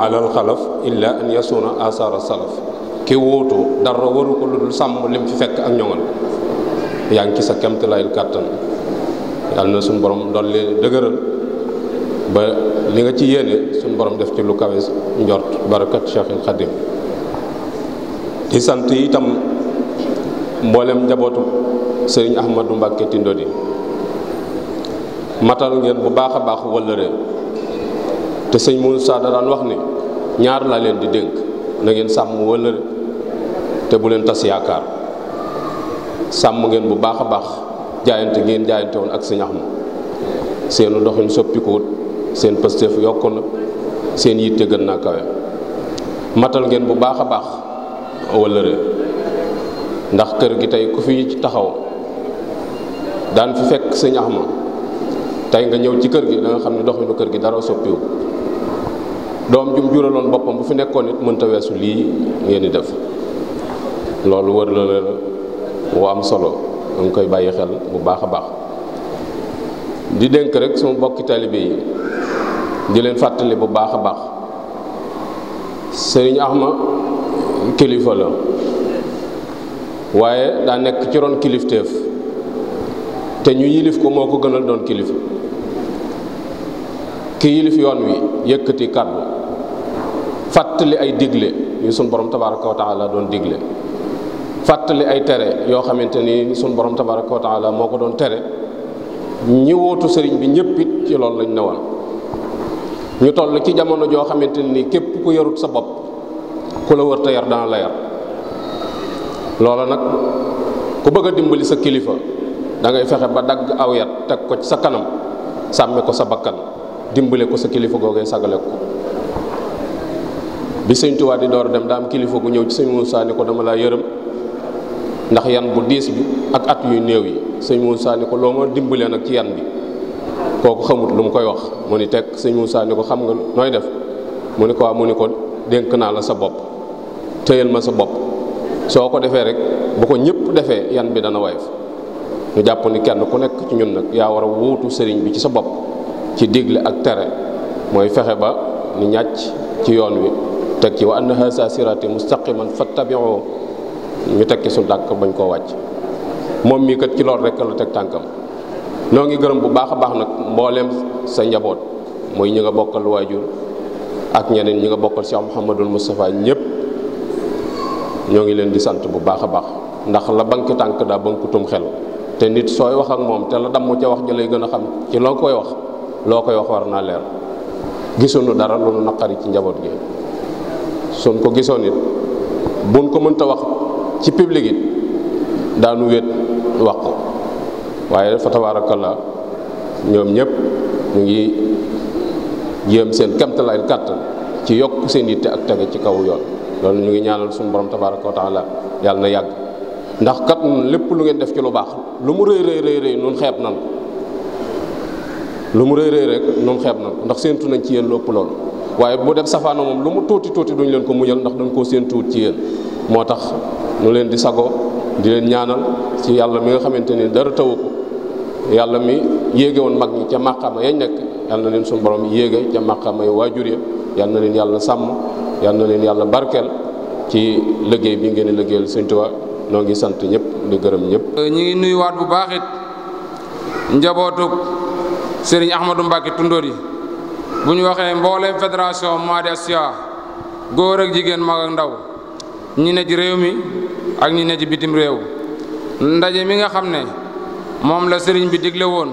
alal xalaf illa an yasuna asara salaf ki wuutu dara waru ko lu dul sàmm lim fi fekk ak ñoŋal yaa ngi ci sa kemtalaayul kàttan yàlla na suñ borom dolli dëgëral ba li nga ci yéene suñ borom def ci lu kawe njort barakat Cheikhul Khadim di sant itam mboolem njabootu sëriñ Ahmadou Mbacke Tindodi matal ngeen bu baax a baax wëllëre te sëñ Moussa da daan wax ne ñaar laa leen di dénk na ngeen sàmm wëllëre te bu leen tas yaakaar sàmm ngeen bu baax a baax jaayante ngeen jaayante woon ak sëñ Axma seenu doxin soppikuwut seen pësteef yokk na seen yitte gën naa kawe matal ngeen bu baax a baax wëllëre ndax kër gi tey ku fi taxaw daan fi fekk sëñ Axma tey nga ñëw ci kër gi da nga xam ne doxinu kër gi dara soppiwu doom jum juraloon boppam bu fi nekkoon it mënta weesu lii ngeen di def loolu wër la la wu am solo da koy bàyyi xel bu baax a baax di dénk rek suma bokki taalibe yi di leen fàttali bu baax a baax sëriñ Axma kilifa la waaye daa nekk ci ron kilifteef te ñu yilif ko moo ko gënal doon kilifa ki yilif yoon wi yëkkati kàddu fàttali ay digle yu sunu borom tabaraka wa taala doon digle fàttali ay tere yoo xamante ni sunu borom tabaraka wa taala moo ko doon tere ñi wootu sëriñ bi ñëpp it ci lañu ne newoon ñu toll ci jamono joo xamante ni képp ku yarut sa bopp ku la wër te yar dana la yar loola nag ku bëgg a dimbali sa kilifa da ngay fexe ba dagg aw yat teg ko ci sa kanam sàmme ko sa bakkan dimbale ko sa kilifa googee sagale ko bi sëñ Tuubaa di door dem daa am kilifa gu ñëw ci sëñ Moussa ni ko dama laa yërëm ndax yan bu diis bi ak at yu néew yi sëñ Moussa ni ko loo ma dimbalee nag ci yan bi kooku xamut lu mu koy wax mu ni teg sëñ Moussa ni ko xam nga nooy def mu ni ko waa mu ni ko dénk naa la sa bopp téyal ma sa bopp soo ko defee rek bu ko ñëpp defee yan bi dana wayef ñu jàpp ni kenn ku nekk ci ñun nag yaa war a wuutu sëriñ bi ci sa bopp ci digle ak tere mooy fexe ba ni ñàcc ci yoon wi teg ci wa anna haza sirati mustaqiman fattabi'u ñu teg ci suñu tànk bañ koo wàcc moom mii kat ci loolu rek la teg tànkam ñoo ngi gërëm bu baax a baax nag mbooleem sa njaboot mooy ñi nga bokkal waajur ak ñeneen ñi nga bokkal Cheikh Mouhamadul Moustapha ñëpp ñoo ngi leen di sant bu baax a baax ndax la bank tànk daa bankutum xel te nit sooy wax ak moom te la damm ca wax ja lay gën a xam ci loo koy wax loo koy wax war naa leer gisuñu dara lu naqari ci njaboot gi suñ ko gisoon it buñ ko mënta wax ci piblik it daanu wéet wax ko waaye fa tabaarakallaa ñoom ñëpp ñu ngi yéem seen kemtalaay kàttan ci yokk seen yitte ak tege ci kaw yoon loolu ñu ngi ñaanal suñu borom tabaaraka wa taala yàlla na yàgg ndax kat lépp lu ngeen def ci lu baax lu mu rëy rëy rëy nun xeeb nan lu mu rëy rëy rek nun xeeb nan ndax séentu nañ ci yéen lu loolu waaye bu def safaana moom lu mu tuuti tuuti duñ leen ko muñal ndax dañ koo séentuwut ci yéen moo tax nu leen di sago di leen ñaanal ci yàlla mi nga xamante ni dara tawu yàlla mi yéege woon mag ñi ca màqaama yañ nekk yàlla na leen suñu borom yéege ca màqaama yu waajur ya yàlla na leen yàlla sàmm yàlla na leen yàlla barkeel ci liggéey bi ngeen di liggéeyal Sëñ noo ngi sant ñëpp di gërëm ñëpp. Euh, ñi ngi nuyuwaat bu baax it njabootug Serigne Ahmadou Mbacke Tundóor bu ñu waxee mbooleem fédération mois de góor ak jigéen mag ndaw ñi ne ci réew mi ak ñi ne ci bitim réew ndaje mi nga xam ne moom la sëriñ bi digle woon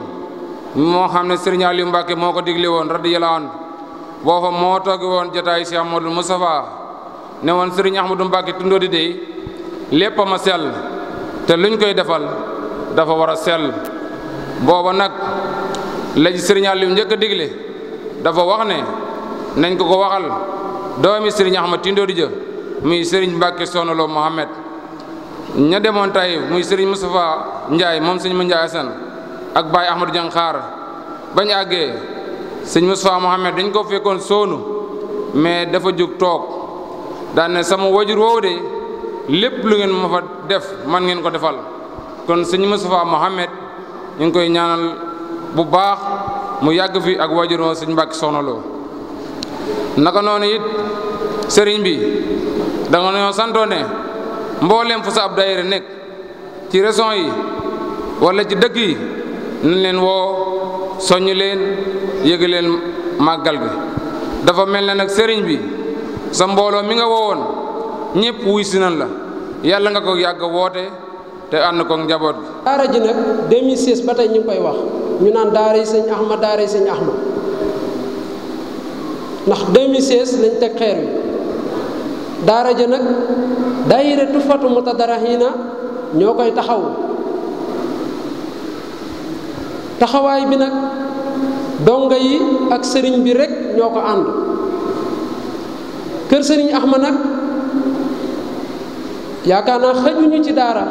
moo xam ne sëriñaal Aliou Mbacke moo ko digle woon radiyallahu anhu boo fa moo toogi woon jotaayu si Amadou Moustapha ne woon sëriñ Ahmadou Mbacke Tundóor dey lépp ma sell te luñ koy defal dafa war a seel booba nag la sëriñ Aliou njëkk a digle dafa wax ne nañ ko ko waxal doomi sëriñ Ahmad Tindo Dija muy sëriñ Mbàkke Soxna Lo Mohamed ña demoon tey muy sëriñ Moustapha Ndiaye moom sëñ ma Ndiaye Assane ak baay Ahmadou Diankhar bañ àggee sëñ Moustapha Mohamed dañ ko fekkoon soonu mais dafa jóg toog daan sama wajur woowu de lépp lu ngeen ma fa def man ngeen ko defal kon sëñ Moustapha Mohamed ñu ngi koy ñaan bu baax mu yàgg fi ak wajuroo sëñ Mbàkke Soxna Lo naka noonu it sëriñ bi da nga ñoo santoo mboolem fu sa ab daayira nekk ci région yi walla ci dëkk yi nañ leen woo soññ leen yëg leen màggal bi dafa mel ne nag sëriñ bi sa mbooloo mi nga woowoon ñëpp wuy si nañ la yàlla nga ko yàgg woote te ànd koog njaboot bi. daara ji nag 2006 ba tey ñu koy wax ñu naan daara yi sëñ Axma daara yi sëñ Axma ndax 2016 lañ teg xeer wi daara ji nag daayira Tuhfatu Mutadarrihina ñoo koy taxaw taxawaay bi nag donga yi ak sëriñ bi rek ñoo ko ànd kër sëriñ Axma nag. yaakaar naa xajuñu ci daara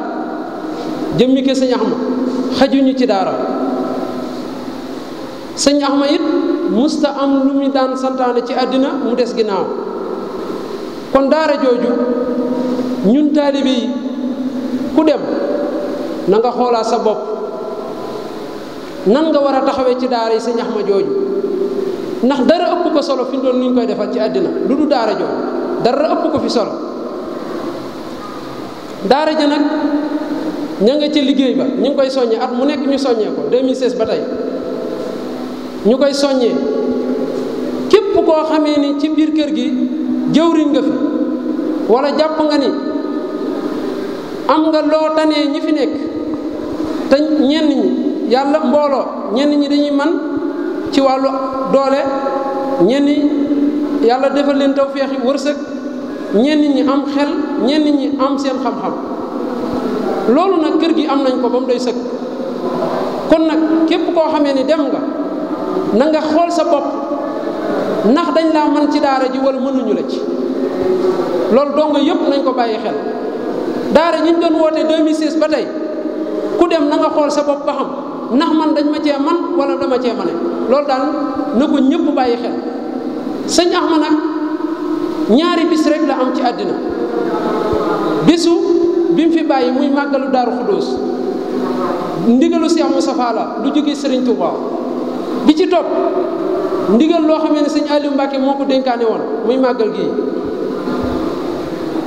jëmmi ke sëñ Axma xajuñu ci daara sëñ Axma it musta am lu mu daan santaane ci àddina mu des ginnaaw kon daara jooju ñun taalibe yi ku dem na nga xoolaat sa bopp nan nga war a taxawee ci daara yi sëñ Axma jooju ndax dara ëpp ko solo fi doon nu ñu koy defal ci àddina lu du daara jooju dara ëpp ko fi solo daara ja nag ñu nga ca liggéey ba ñu ngi koy soññee at mu nekk ñu soññee ko 2016 ba tey ñu koy soññee képp koo xamee ni ci biir kër gi jëwriñ nga fi wala jàpp nga ni am nga loo tanee ñi fi nekk te ñenn ñi yàlla mbooloo ñenn ñi dañuy man ci wàllu doole ñenn ñi yàlla defal leen tawféexi wërsëg ñenn ñi am xel ñenn ñi am seen xam-xam loolu nag kër gi am nañ ko ba mu doy sëkk kon nag képp koo xamee ni dem nga na nga xool sa bopp ndax dañ laa mën ci daara ji wala mënuñu la ci loolu dongo yëpp nañ ko bàyyi xel daara ñi ñu doon woote 2016 ba tey ku dem na nga xool sa bopp ba xam ndax man dañ ma cee man wala dama cee mane loolu daal na ko ñëpp bàyyi xel sëñ Axma nag ñaari bis rek la am ci àddina bisu bi mu fi bàyyi muy màggalu daaru xudóos ndigalu Cheikh Moustapha la lu jóge Serigne Touba bi ci topp ndigal loo xamee ne sëñ Aliou Mbacke moo ko dénkaane woon muy màggal gi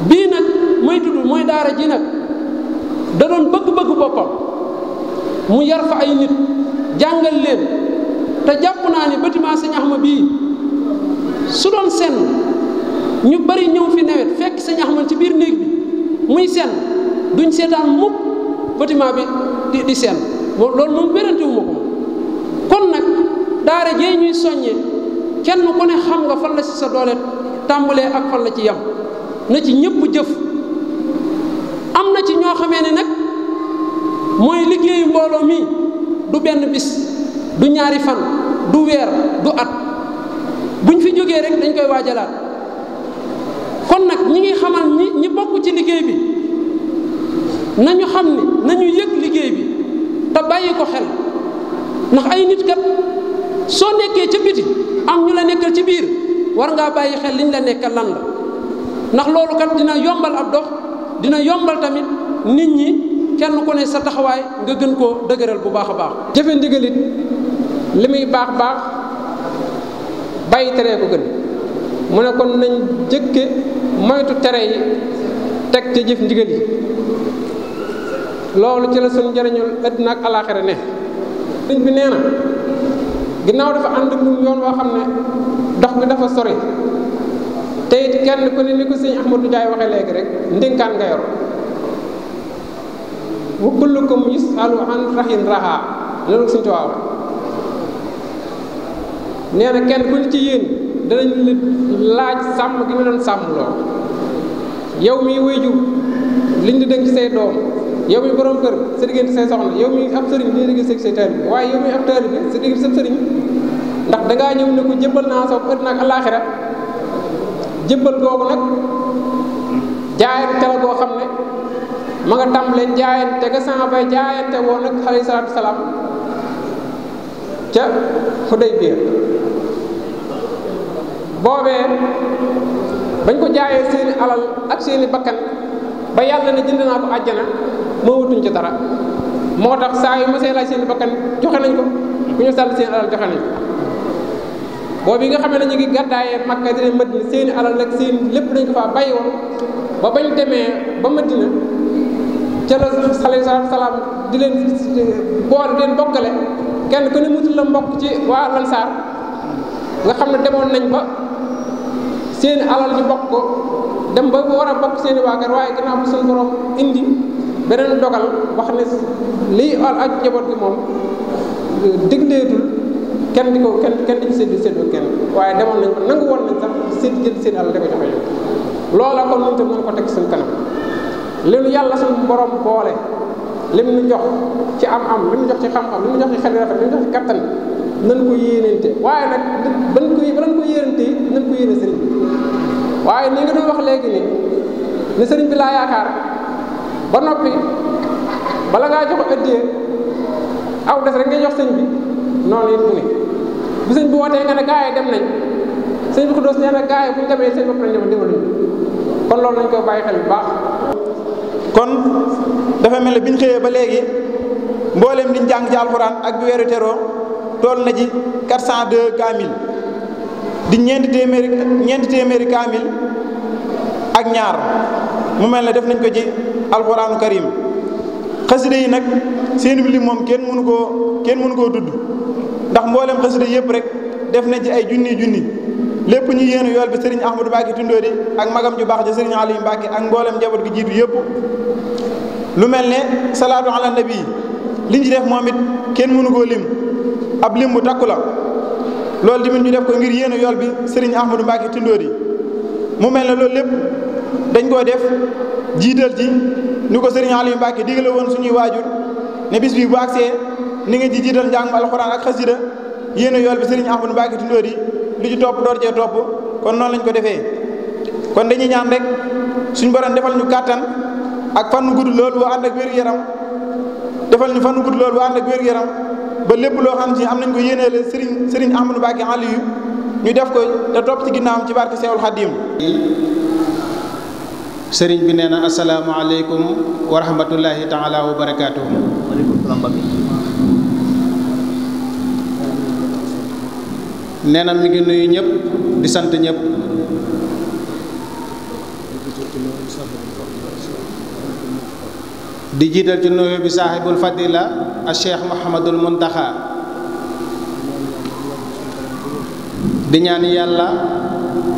bii nag mooy tudd mooy daara ji nag da doon bëgg-bëgg boppam mu yar fa ay nit jàngal leen te jàpp naa ne bâtiment sëñ ma bii su doon senn ñu bari ñëw fi nawet fekk sëñ ma ci biir néeg bi muy seen duñ seetaan mukk bâtiment bi di seen sell loolu moom bérantewu ma ko kon nag daara jee ñuy soññe kenn ku ne xam nga fan la ci sa doole tàmbalee ak fan la ci yem na ci ñëpp jëf am na ci ñoo xamee ni nag mooy liggéeyu mbooloo mi du benn bis du ñaari fan du weer du at buñ fi jógee rek dañ koy waajalaat kon nag ñi ngi xamal ñi ñi bokk ci liggéey bi nañu xam ne yëg liggéey bi te bàyyi ko xel ndax nit kat nekkee ca am ñu la nekkal ci biir war ngaa bàyyi xel liñ la nekkal lan la loolu kat dina yombal ab dox dina yombal tamit nit ñi kenn ku ne sa taxawaay nga gën koo dëgëral bu baax a baax jëfe ndigalit li muy baax baax bàyyi teree ko gën mu ne kon nañ jëkke moytu tere yi teg ca jëf ndigal yi loolu ci la suñu njëriñul àddina ak alaaxira ne sëñ bi nee na ginnaaw dafa ànd ak yoon woo xam ne dox bi dafa sore te it kenn ku ne ni ko sëñ Ahmadou Jaay waxee léegi rek ndénkaan nga yor wa kullukum yusalu an rahin raha loolu suñ tuwaaw nee na kenn ku ne ci yéen danañ la laaj sàmm gi ma doon sàmm loo yow mi wayjur liñ la dënk say doom yow mi borom kër sa diggante say soxna yow mi ab sëriñ li nga diggante say waaye yow mi ab taalibe sa diggante sa sëriñ ndax da ngaa ñëw ne ko jëmbal naa soog àddina ak àllaaxira jëmbal googu nag jaayante la boo xam ne ma nga tàmbalee jaayante ga sama bay jaayante woon ak alayhi salaatu salaam ca Xudaybiya boobee bañ ko jaayee seeni alal ak seeni bakkan ba yàlla na jënd naa ko àjjana moo wutuñ ci dara moo tax saa yu ma see laaj seeni bakkan joxe nañ ko bu ñu sàll seen alal joxe nañ ko boobu yi nga xam ne ñu ngi gàddaayee Makka dina Madina seeni alal ak seen lépp dañ ko faa bàyyi woon ba bañ demee ba Madina ca la alayhi salaam di leen boole di leen bokkale kenn ku ne mutul la mbokk ci waa Ansaar nga xam ne demoon nañ ba seen alal ñu bokk ko dem ba war a bokk seen waa kër waaye gannaaw bu seen borom indi beneen dogal wax ne liy al ak njaboot gi moom digleetul kenn di ko kenn kenn di ci séddu séddu kenn waaye demoon nañ ko nangu woon nañ sax sédd jël seen alal di ko joxe yow loola kon mënu ta mën ko teg suñ kanam linu yàlla suñu borom boole lim nu jox ci am am li mu jox ci xam-xam li mu jox ci xel rafet li mu jox ci kattan nan ko yéeneente waaye nag ban ko ba nan ko yéeneente yi nan ko yéene sëriñ bi waaye ni nga doon wax léegi ni ne sëriñ bi laa yaakaar ba noppi bala ngaa jox addiyee aw des rek ngay jox sëñ bi noonu it mu ne bu sëñ bi ne gaa dem nañ sëñ bi Xudóos nee na gaa yi bu ñu demee kon loolu nañ koy bàyyi xel bu baax kon dafa mel ne bi ñu xëyee ba léegi mboolem liñ jàng ci alxuraan ak bi weeru toll na ci 402 kaamil di ñeenti téeméeri téeméeri kaamil ak ñaar mu mel ne def nañ ko ci alxuraanu karim xasida yi nag seen lim moom kenn mënu koo kenn mënu koo tudd ndax mboolem xasida yëpp rek def nañ ci ay junni junni lépp ñu yéen yool bi Serigne Ahmadou Mbacké Tindori ak magam ju baax ja Serigne Aliou Mbacké ak mboolem njaboot gi jiitu yëpp lu mel ne salaatu ala nabi li ñu def moom kenn mënu koo lim. ab lim bu takku la loolu tamit ñu def ko ngir yéen yool bi Serigne Ahmadou Mbacke Tindodi mu mel na loolu lépp dañ koy def jiital ji ni ko Serigne Aliou Mbacke digale woon suñuy waajur ne bis bi bu agsee ni nga ji jiital njàng alxuraan ak xasida yéen yool bi Serigne Ahmadou Mbacke Tindodi lu ci topp door jee topp kon noonu lañ ko defee kon dañuy ñaan rek suñu borom defal ñu kàttan ak fan gudd loolu waa ànd ak wér yaram defal ñu fan gudd loolu waa ànd ak wér yaram ba lépp loo xam ci am nañ ko yéeneele Serigne Serigne Ahmadou Mbacké Aliou ñu def ko te topp ci ginnaawam ci barke Seexul Xadiim sëriñ bi nee na asalaamaaleykum wa rahmatullahi taala wa barakaatu. nee na ngi nuyu ñëpp di sant ñëpp. di jiital ci nuyoo bi saaxibul la a cheikh Mouhamadul Muntaxa di ñaan yàlla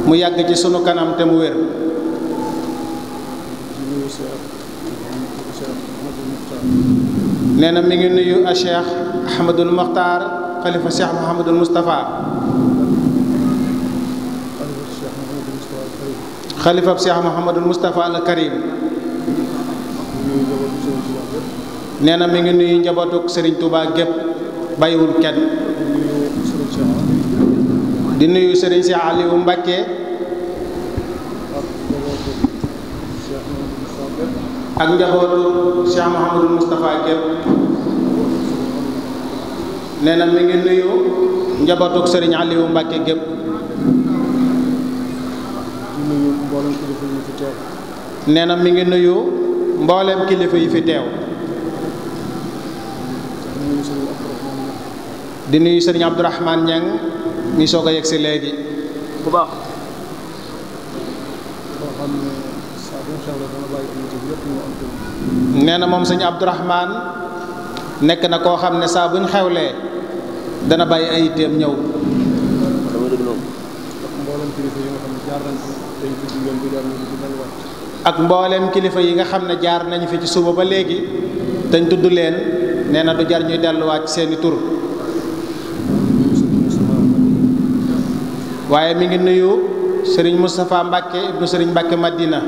mu yàgg ci sunu kanam te mu wér nee na mi ngi nuyu a cheikh Ahmadul Muxtaar xalifa cheikh Mouhamadul Moustapha xalifab cheikh Mouhamadul Moustapha al Karim nee na mi ngi nuyu njabootug sëriñ Touba gépp bàyyiwul kenn di nuyu Serigne Cheikh Aliou Mbacké ak njabootu Cheikh Mouhamadou Moustapha gépp nee na mi ngi nuyu njabootug Serigne Aliou Mbacké gépp nee mi ngi nuyu mboolem kilifa yi fi teew di nuyu sëriñ Abdourahmane Niang mi soog a yegg si léegi bu baax. nee na moom sëñ Abdourahmane nekk na koo xam ne saa buñ xewlee dana bàyyi ay itteem ñëw. ak mboolem kilifa yi nga xam ne jaar nañu fi ci suba ba léegi dañ tudd leen nee na du jar ñuy delluwaat ci seeni tur. waaye mi ngi nuyu sëriñ Moustapha Mbacke ibnu sëriñ Mbacke Madina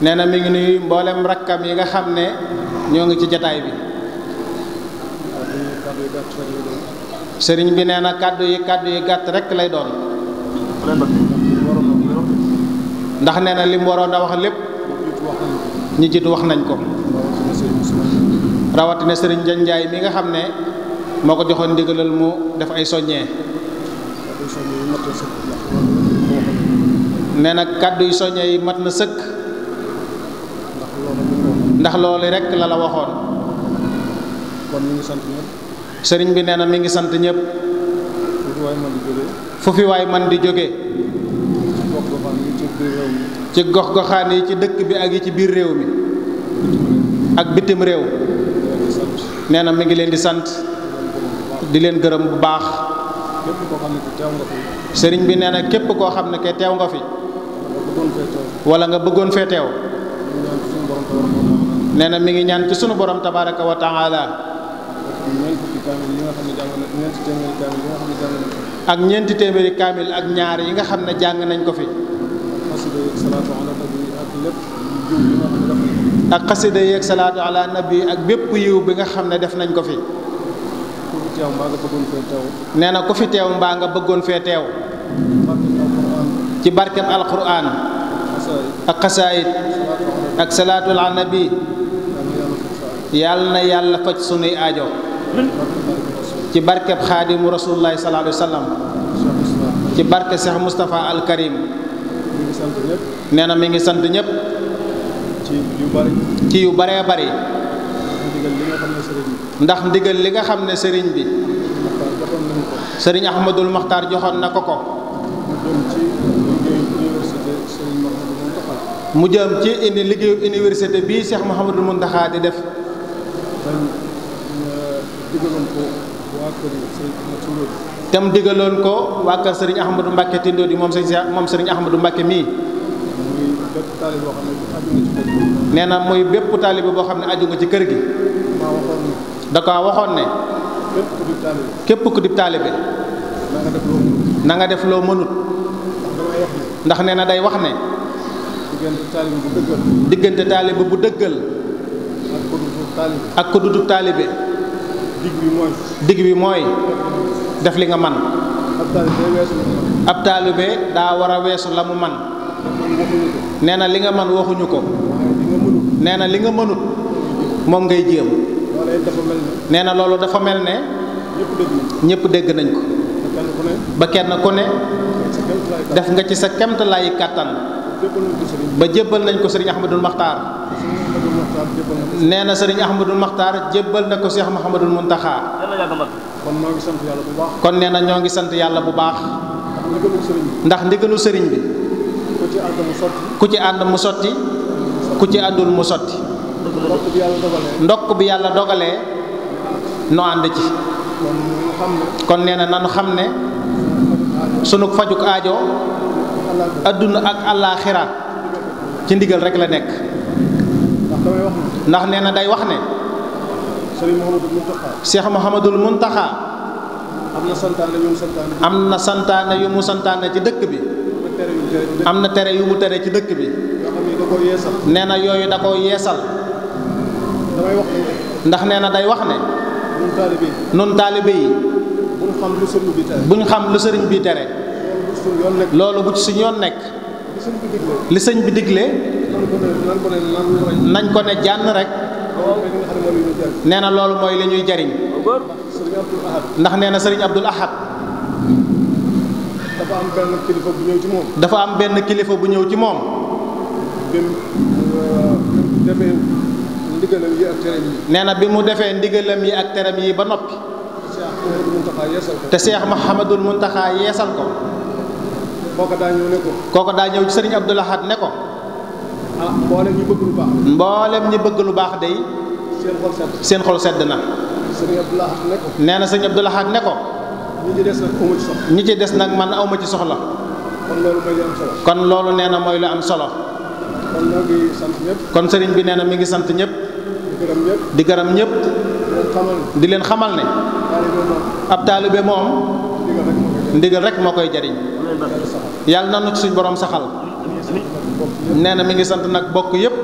nee na mi ngi nuyu mboolem rakkam yi nga xam ne ñoo ngi ci jataay bi sëriñ bi nee na kàddu yi kàddu yi gàtt rekk lay doon ndax nee na li mu waroon a wax lépp ñi jiitu wax nañ ko rawatina sëriñ Njañ Njaay mi nga xam ne moo ko joxoon ndigalal mu def ay soññee nee na kàddu yu yi mat na sëkk ndax loolu rekk la la waxoon sëriñ bi nee na mi ngi sant ñëpp fu fi waay man di jóge ci gox goxaan yi ci dëkk bi ak yi ci biir réew mi ak bitim réew nee na mi ngi leen di sant di leen gërëm bu baax sëriñ bi nee na képp koo xam ne ke teew nga fi wala nga bëggoon fee teew nee na mi ngi ñaan ci sunu borom tabaraka wa taala ak ñeenti téeméeri kaamil ak ñaar yi nga xam ne jàng nañ ko fi. ak xasida yeeg salaatu ala nabi ak bépp yiw bi nga xam ne def nañ ko fi nee na ku fi teew mbaa nga bëggoon fee teew ci barkeb alquran ak xasaayit ak salaatu ala yàlla na yàlla faj sunuy aajo ci barkeb xaadimu rasulullahi sallallahu alayhi wa ci barke Cheikh Moustapha al Karim nee na mi ngi sant ñëpp ci yu baree bari ndax ndigal li nga xam ne sëriñ bi sëriñ Ahmadul Maxtaar joxoon na ko ko mu jëm ci indi liggéeyu université bii Cheikh Mouhamadul Mountakha di def te euh, tam digaloon ko waa kër sëriñ Ahmadou Mbacke Tindodi moom sëriñ moom sëriñ Ahmadou Mbacke mii nee na muy bépp taalibe boo xam ne aju nga ci kër gi. da ko waxoon ne. képp ku dib taalibe. na def loo mënul ndax nee na day wax ne. diggante taalibe bu dëggal. ak ku dudub taalibe. dig bi mooy. def li nga man ab taalibe daa war a weesu la mu man nee na li nga man waxuñu ko nee na li nga mënut moom ngay jéem nee na loolu dafa mel ne ñëpp dégg nañ ko ba kenn ku ne def nga ci sa kemtalaayi kàttan ba jébbal nañ ko sëriñ Ahmadul Maxtaar nee na sëriñ Ahmadul Maxtaar jëbbal na ko Cheikh Mouhamadul Muntaxaa kon nee na ñoo ngi sant yàlla bu baax ndax ndigalu sëriñ bi ku ci ànd mu sotti ku ci àndul mu sotti ndokk bi yàlla dogalee nu ànd ci kon nee na nanu xam ne sunu fajuk ajo adduna ak àllaaxira ci ndigal rek la nekk ndax nee na day wax ne Cheikh Mouhamadul Muntaxa am na santaane yu mu santaane ci dëkk bi am na tere yu mu tere ci dëkk bi nee na yooyu da koo yeesal ndax nee na day wax ne nun taalibe yi buñ xam lu sëriñ bi tere loolu bu ci suñ yoon nekk li sëñ bi digle nañ ko ne jànn rek nee na loolu mooy li ñuy jariñ ndax nee na sëriñ Abdul Ahad dafa am benn kilifa bu ñëw ci moom. dafa am benn kilifa bu ñëw ci moom. bi mu euh, defee ndigalam yi yi. nee na bi mu defee ndigalam yi ak teram yi ba noppi. te ma Mouhamadul Mountakha yeesal ko. kooka daa ñëw ne daa ñëw ci sëriñ Abdoul Ahad ne ko. Ah, mboolem ñi bëgg lu baax. mboolem day. seen xol sedd. na. sëriñ Abdoul Ahad ko. nee na sëriñ Abdoul Ahad ne ko. ñi ci des nag amu ci man aw ma ci soxla. kon loolu nee na mooy lu am solo. kon sëriñ bi nee na mi ngi sant ñëpp. di gërëm ñépp di leen xamal ne. ab taalibe moom. ndigal rek moo koy jariñ. yàlla na nu suñ borom saxal. nee na mi ngi sant nag bokk yëpp.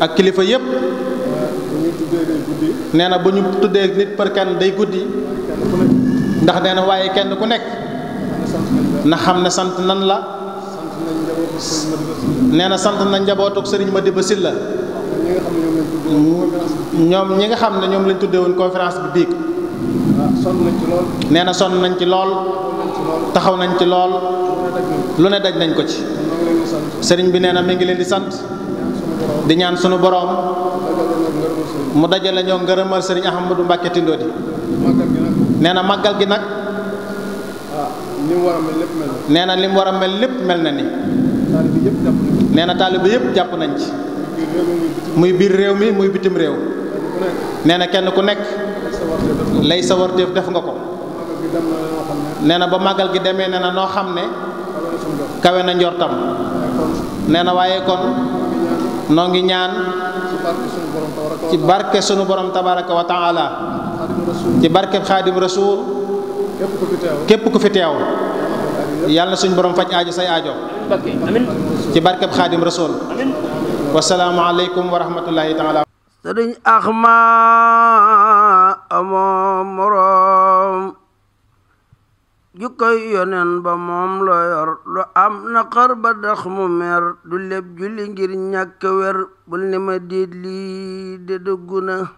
ak kilifa yëpp. nee na bu ñu tuddee nit për kenn day guddi. ndax nee na waaye kenn ku nekk na xam ne sant nan la nee na sant na njabootug sëriñ ma Madiba Sylla ñoom ñi nga xam ne ñoom lañu tuddee woon conférence bi biig nee na sonn nañ ci lool taxaw nañ ci lool lu ne daj nañ ko ci sëriñ bi nee na mi ngi leen di sant di ñaan sunu boroom mu dajale ñoo ngërëmal sëriñ Ahmadou Mbacke Tindodi. nee na màggal gi nag. Ah, nee na li war a mel lépp mel na ni. nee na taalibe jàpp nañ ci. muy biir réew mi muy bitim réew. nee na kenn ku nekk. lay sa def nga ko. nee na ba màggal gi demee nee na noo xam ne. kawe na njortam. nee waaye kon. noo ngi ñaan ci barke sunu borom tabaraka wa taala ci barke xaadim rasuul képp ku fi teew yàlla na suñ borom faj aajo say aajo ci barkeb xaadim rasuul wasalaamu aleykum wa taala sëriñ axma amoo moroom jukkoy yonen ba moom la yor lu am naqar ba dax mu mer du lépp julli ngir ñàkk wer bul ni ma déet lii de dëggu na